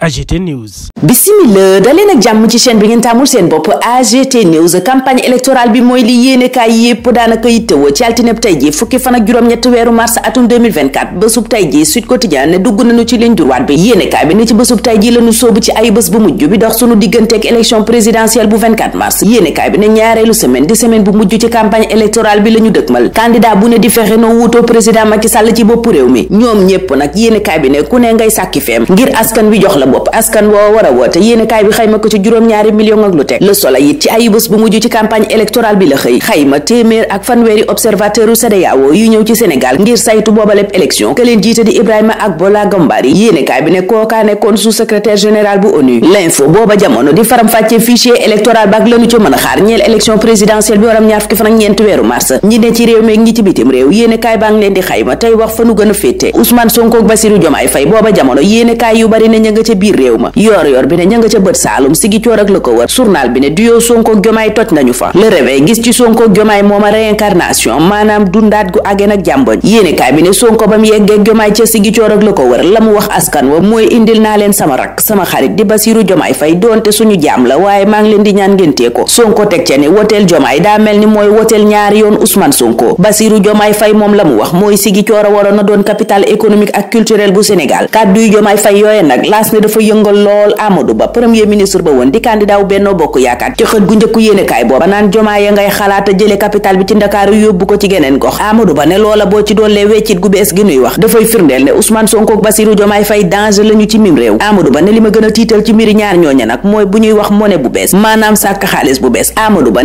AGT News. bisimila dalee nag jàmm ci chaîne bi ngeen tàmmul seen bopp AGT News campagne électorale bi mooy li yéenekaay yépp daanaka yittewoo ci altineb tey ji fukki fan ak juróom-ñett weeru mars atum 2024 bésub tey ji Sud Quotidien ne dugg nañu ci ligne droite bi yéenekaay bi ne ci bésub tey ji lañu sóobu ci ay bés bu mujj bi dox sunu digganteeg élection présidentielle bu 24 mars yéenekaay bi ne ñaareelu semaine di semaine bu mujj ci campagne électorale bi la ñu dëkmal candidat bu ne di bopp réew mi ñoom ñépp nag bi ne ku ne ngay sàkki feem ngir askan wi jox la bopp askan woo war a woote yéene bi xayma ko ci juróom-ñaari million ak lu teg le soleil it ci ayibés bu mujj ci campagne électorale bi la xëy xayma téeméer ak fanweeri observateur u CEDEAO yu ñëw ci Sénégal ngir saytu boobaleb élection ke leen jiite di Ibrahima ak Bola Gambari yéene kaay bi ne kookaa nekkoon sous secrétaire général bu ONU l'info booba jamono di faram-fàcce fichier électoral bak lanu ci mën a xaar ñeent weeru mars a biir réew ma yoor yoor bi ne ña nga ca bët saalum sigi ak la ko wër journal bi ne duyoo sonkoog jomaay toj nañu fa le réveil gis ci sonkoog jomaay mooma réincarnation maanaam dundaat gu ageen nag jàmboñ yéene kaay bi ne sonko ba mu yeggee jomaay ca sigi coor ak la ko wër la mu wax askan wa mooy indil naa leen sama rak sama xarit di basiru jomaay fay doonte suñu jaam la waaye maa ngi leen di ñaan ngéntee ko sonko teg ca ne woteel jomaay daa mel ni mooy woteel ñaari yoon ousmane sonko basiru jomaay fay moom la mu wax mooy sigi coor a waroon na doon capital économique bu sénégal kàddu yu jomaay dafa yëngal lool Amadou Ba premier ministre ba woon di candidat wu Bokk Yaakaar ci xët gu njëkku yéenekaay booba naan jomaa ya ngay xalaata jële capital bi ci Ndakaaru yóbbu ko ci geneen gox Amadou Ba ne loola boo ci doon weccit gu bees gi nuy wax dafay firndeel ne Ousmane Sonko ak Bassirou Diomaye Faye danger lañu ci mim réew Amadou Ba ne li ma gën a tiital ci mbiri ñaar ñooña nag mooy bu ñuy wax monnaie bu bees maanaam sàkk xaalis bu bees Amadou Ba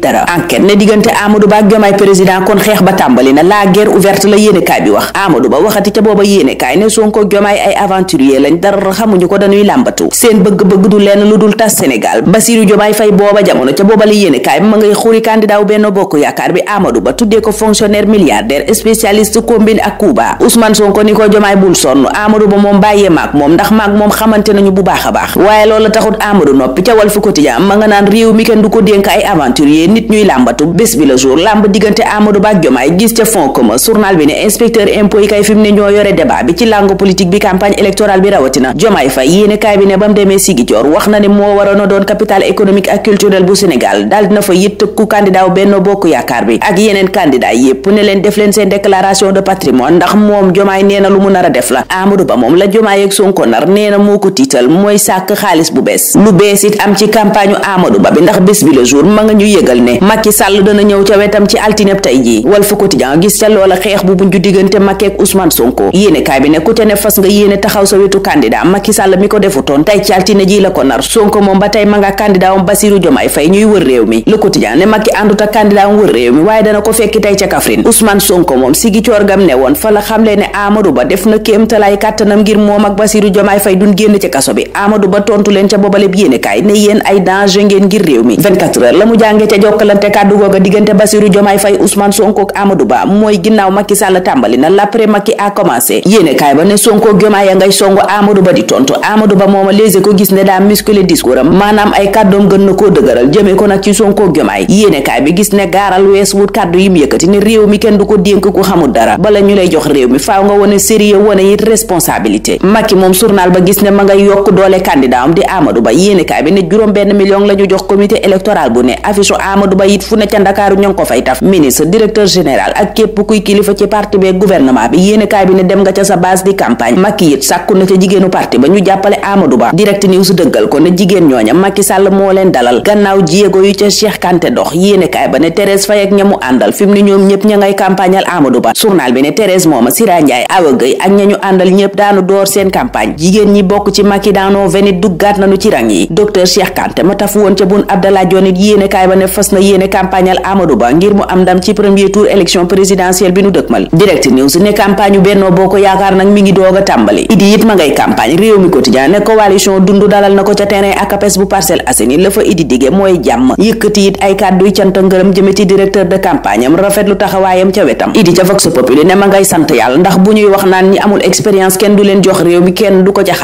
dara enquête ne diggante Amadou Ba ak Diomaye président kon xeex ba tàmbali na la guerre ouverte la yéenekaay bi wax Amadou Ba waxati ca booba yéenekaay ne bi ma ngay xuri candidat wu Bokk Yaakaar bi Amadou Ba tuddee ko fonctionnaire milliardaire spécialiste combine ak Cuba Ousmane Sonko ni ko Diomaye bul sonn Amadou Ba moom bàyyee maag moom ndax maag moom xamante nañu bu baax a baax waaye loolu taxut Amadou noppi ca Walf Quotidien ma nga naan nit ñuy làmbatu bés bi la jour làmb diggante Amadou Ba ak Diomaye gis ca fond commun journal bi ne inspecteur impôt yi kay fi mu ne ñoo yore débat bi ci langue politique bi campagne électorale bi rawatina Diomaye Faye yéene kaay bi ne ba mu demee Sigicoor wax na ne a doon capital économique ak culturel bu Sénégal daal dina fa yit tëkku candidat wu Benno Bokk Yaakaar bi ak yeneen candidat yépp ne leen def leen seen déclaration de patrimoine ndax moom Diomaye nee lu mu nar a def la Amadou Ba moom la Diomaye ak Sonko nar nee moo ko tiital mooy sàkk bu bees lu bees it am ci campagne xamal ne Macky Sall dana ñëw ca wetam ci altineb tey jii Walf a gis ca loola xeex bu buñ ju diggante Macky ak Ousmane Sonko yéene kaay bi ne ku ca ne fas nga yéene taxaw sa wetu candidat Macky Sall mi ko defutoon tey ci altine ji la ko nar Sonko moom ba tey ma nga candidat am Bassirou Diomaye ñuy wër réew mi Le Quotidien ne Macky àndut ak candidat wër réew mi waaye dana ko fekki tey ca Kaffrine Ousmane Sonko moom sigi coorgam ne woon jokkalante kàddu googa diggante Bassirou Diomaye Faye Ousmane Sonko ak Amadou a maanaam ay kàddoom gën na koo dëgëral jëmee ko nag ci Sonko Diomaye yéene bi gis ne gaaral wees wut kàddu yi yëkkati ne réew mi kenn du ko dénk ku xamul dara bala ñu lay jox réew mi faaw nga wone sérieux wone it responsabilité Macky moom journal ba gis ne ma ngay yokk doole candidat am di Amadou Ba yéene bi ne juróom benn million la jox comité électoral bu ne affiche Amadou Ba it fu ne ca Ndakaaru ño moo leen dalal gannaaw jéego yu ca Cheikh Kanté dox yéenekaay ba ne Thérèse Faye ak ña àndal fi daanu door seen campagne jigéen ñi bokk ci Macky daanoo venit duggaat nañu ci rang yi docteur Cheikh Kanté ma taf woon ca bun Abdallah Jonit yéenekaay ba ne fas na yéene campagnal Amadou Ba ngir mu am ndam ci premier tour élection présidentielle bi nu dëkmal direct news ne campagne yu Benno Bokk Yaakaar nag mi ngi doog a tàmbali idi it ma ngay campagne réew mi quotidien ne coalition dundu dalal na ko ca terrain ak APES bu Parcelles Assainies la fa idi dige mooy jàmm yëkkati it ay kàdduy canta ngërëm jëme ci directeur de campagne am rafetlu taxawaayam ca wetam idi ca vox populi ne ma ngay sant yàlla ndax bu ñuy wax naan ñi amul expérience kenn du leen jox réew mi kenn ko ca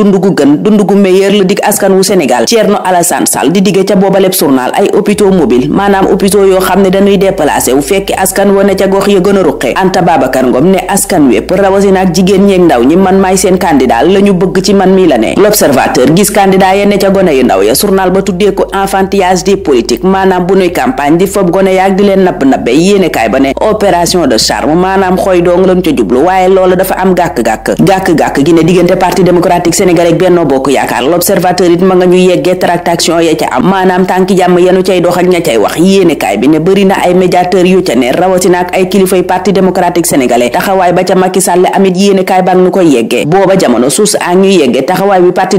dund gu gën dund gu meilleur la dig askan wu Sénégal Thierno Alassane Sall di digge ca boobaleb journal ay hôpitaux mobile maanaam hôpitaux yoo xam ne dañuy déplacé wu fekki askan wa ne ca gox ya gën a ruqe Anta Babacar Ngom ne askan wépp rawatina ak jigéen ñeeg ndaw ñi man maay seen candidat la bëgg ci man mi la ne l'observateur gis candidat ya ne ca gone yu ndaw ya journal ba tuddee ko enfantillage des politiques maanaam bu nuy campagne di fob Sénégal ak Benno Bokk Yaakaar l'observateur it ma nga ñu yeggee tractation ya ca am maanaam tànki jàmm yanu cay dox ak ña cay wax yéenekaay na ay kilifay parti démocratique sénégalais taxawaay ba ca a ñu yeggee taxawaay a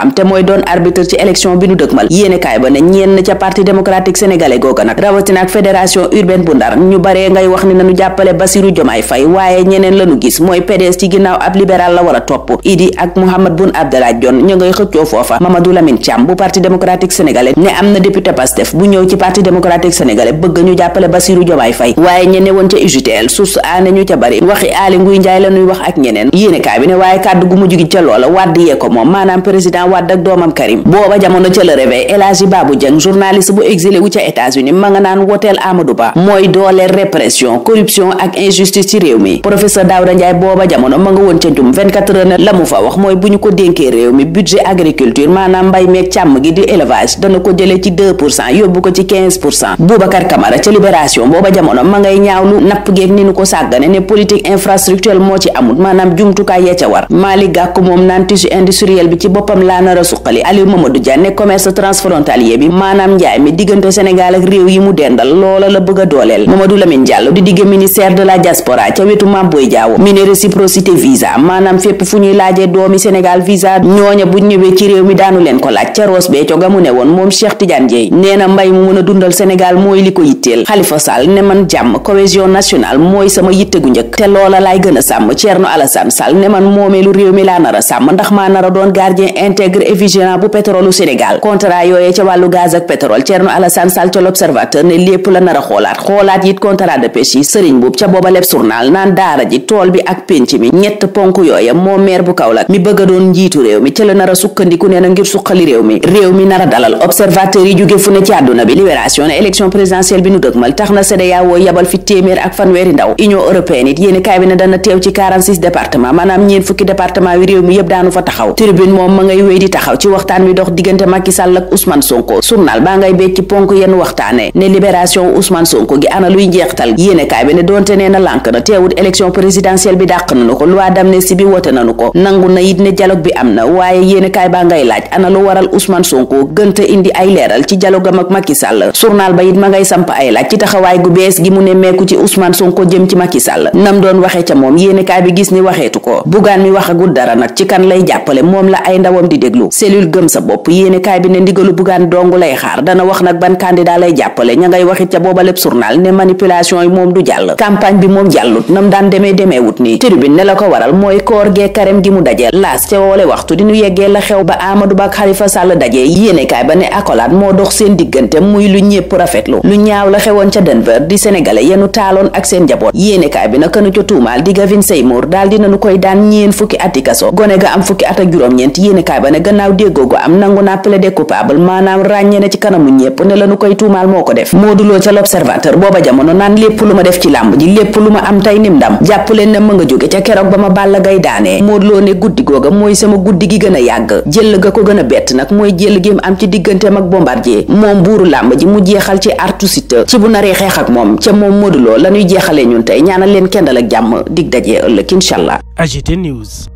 am te mooy doon arbitre ci élection bi nu dëkmal yéenekaay ba ne ñenn ca parti démocratique sénégalais googa nag rawatina ak fédération bu ndar ñu baree ngay wax ni nañu jàppale Bassirou Diomaye Faye waaye ñeneen lañu gis mooy PDS ci ginnaaw ab libéral la war a topp ak Mouhamed Boun Abdallah Dionne ñu xëccoo foofa Mamadou Lamine Thiam bu parti démocratique sénégalais ne am na député Pastef bu ñëw ci parti démocratique sénégalais bëgg ñu jàppale Bassirou Diomaye Faye waaye ñe newoon ca UJTL source a ñu ca bari waxi Aly Ngouille Ndiaye la ñuy wax ak ñeneen yéene kaay waaye kàddu gu mujj gi ca loola Wade yee moom maanaam président Wade ak doomam Karim booba jamono ca Le Réveil El Hadji Babou Dieng journaliste bu exilé wax mooy bu ñu ko dénkee réew mi budget agriculture maanaam mbay meeg càmm gi di élevage dana ko jëlee ci 2 pour cent yóbbu ko ci 15 pour cent Boubacar Camara ca libération booba jamono ma ngay ñaawlu napp geeg ni nu ko sàggane ne politique infrastructurelle moo ci amul maanaam jumtukaay ya ca war Mali Gakou moom naan tissu industriel bi ci boppam laa nar a suqali Aliou Mamadou Dia ne commerce transfrontalier bi maanaam njaay mi diggante Sénégal ak réew yi mu dendal loola la de la diaspora ca wetu Mamboy Diawo mi doomi Sénégal visa ñooña bu ñëwee ci réew mi daanu leen ko laaj ca Ross Béthio ga ne woon moom Cheikh Tidiane Dieye nee na mbay mu mën dundal Sénégal mooy li ko yitteel Khalifa Sall ne man jàmm cohésion nationale mooy sama yitte gu loola laay gën a sàmm Thierno Alassane Sall ne man moomeelu réew mi laa nar a sàmm ndax maa nar a doon gardien intègre et vigilant bu pétrolu Sénégal contrat yooyee ca wàllu gaz ak pétrole Thierno Alassane Sall ca l'Observateur ne lépp la nar a xoolaat xoolaat it contrat de pêche yi sëriñ boobu ca booba leb journal naan daara ji tool bi ak pénc mi ñett ponk yooya Wade mi bëgg a doon njiitu réew mi ca la nar a na ngir suqali réew mi réew mi nar dalal observateur yi jóge fu ne ci bi libération ne élection présidentielle bi nu na CEDEAO yabal fi téeméer ak ne dana bi ne na lànk ko nangu na it ma ngay samp ay laaj ci taxawaay gu bees gi mu ne meeku ci Ousmane Sonko jëm ci Macky Sall nam doon waxee ca moom yéen kaay bi gis ni waxeetu ko bugaan mi waxagul dara nag ci kan lay jàppale moom la ay ndawam di déglu cellule gëm sa bopp yéen kaay bi ne ndigalu bugaan dong lay xaar dana wax nag ban candidat lay jàppale ña ngay waxit ca booba lépp journal ne manipulation yi moom du jàll campagne bi moom jàllut nam daan demee demeewut ni tribune ne la ko waral mooy koor gee karem gi mu daje daje laas ca woole waxtu di ñu yeggee la xew ba Amadou Ba ak Khalifa Sall dajee yéenekaay ba ne accolade moo dox seen diggante muy lu ñépp rafetlu lu ñaaw la xewoon ca Denver di sénégalais yenu taaloon ak seen njaboot yéenekaay bi naka nu ca tuumaal di Gavin Seymour daal dinañu koy daan ñeen fukki ati kaso gone ga am fukki at ak juróom-ñeent yéenekaay ba ne gannaaw déggoo gu am nangu naa plaidé coupable maanaam ràññee ci kanamu ñépp ne lañu koy tuumaal ko def Modou Lo ca l'Observateur booba jamono naan lépp lu ma def ci làmb ji lépp lu ma am tey nim ndam jàpp leen ne ma guddi googa mooy sama guddi gi gën a yàgg jël ga ko gën a bett nag mooy jël gi mu am ci digganteem ak bombardier moom buuru làmb ji mu jeexal ci artu site ci bu naree xeex ak moom ca moom Modou la ñuy jeexalee ñun tey ñaanal leen kendal la jàmm dig dajee ëllëg incha allah AGT News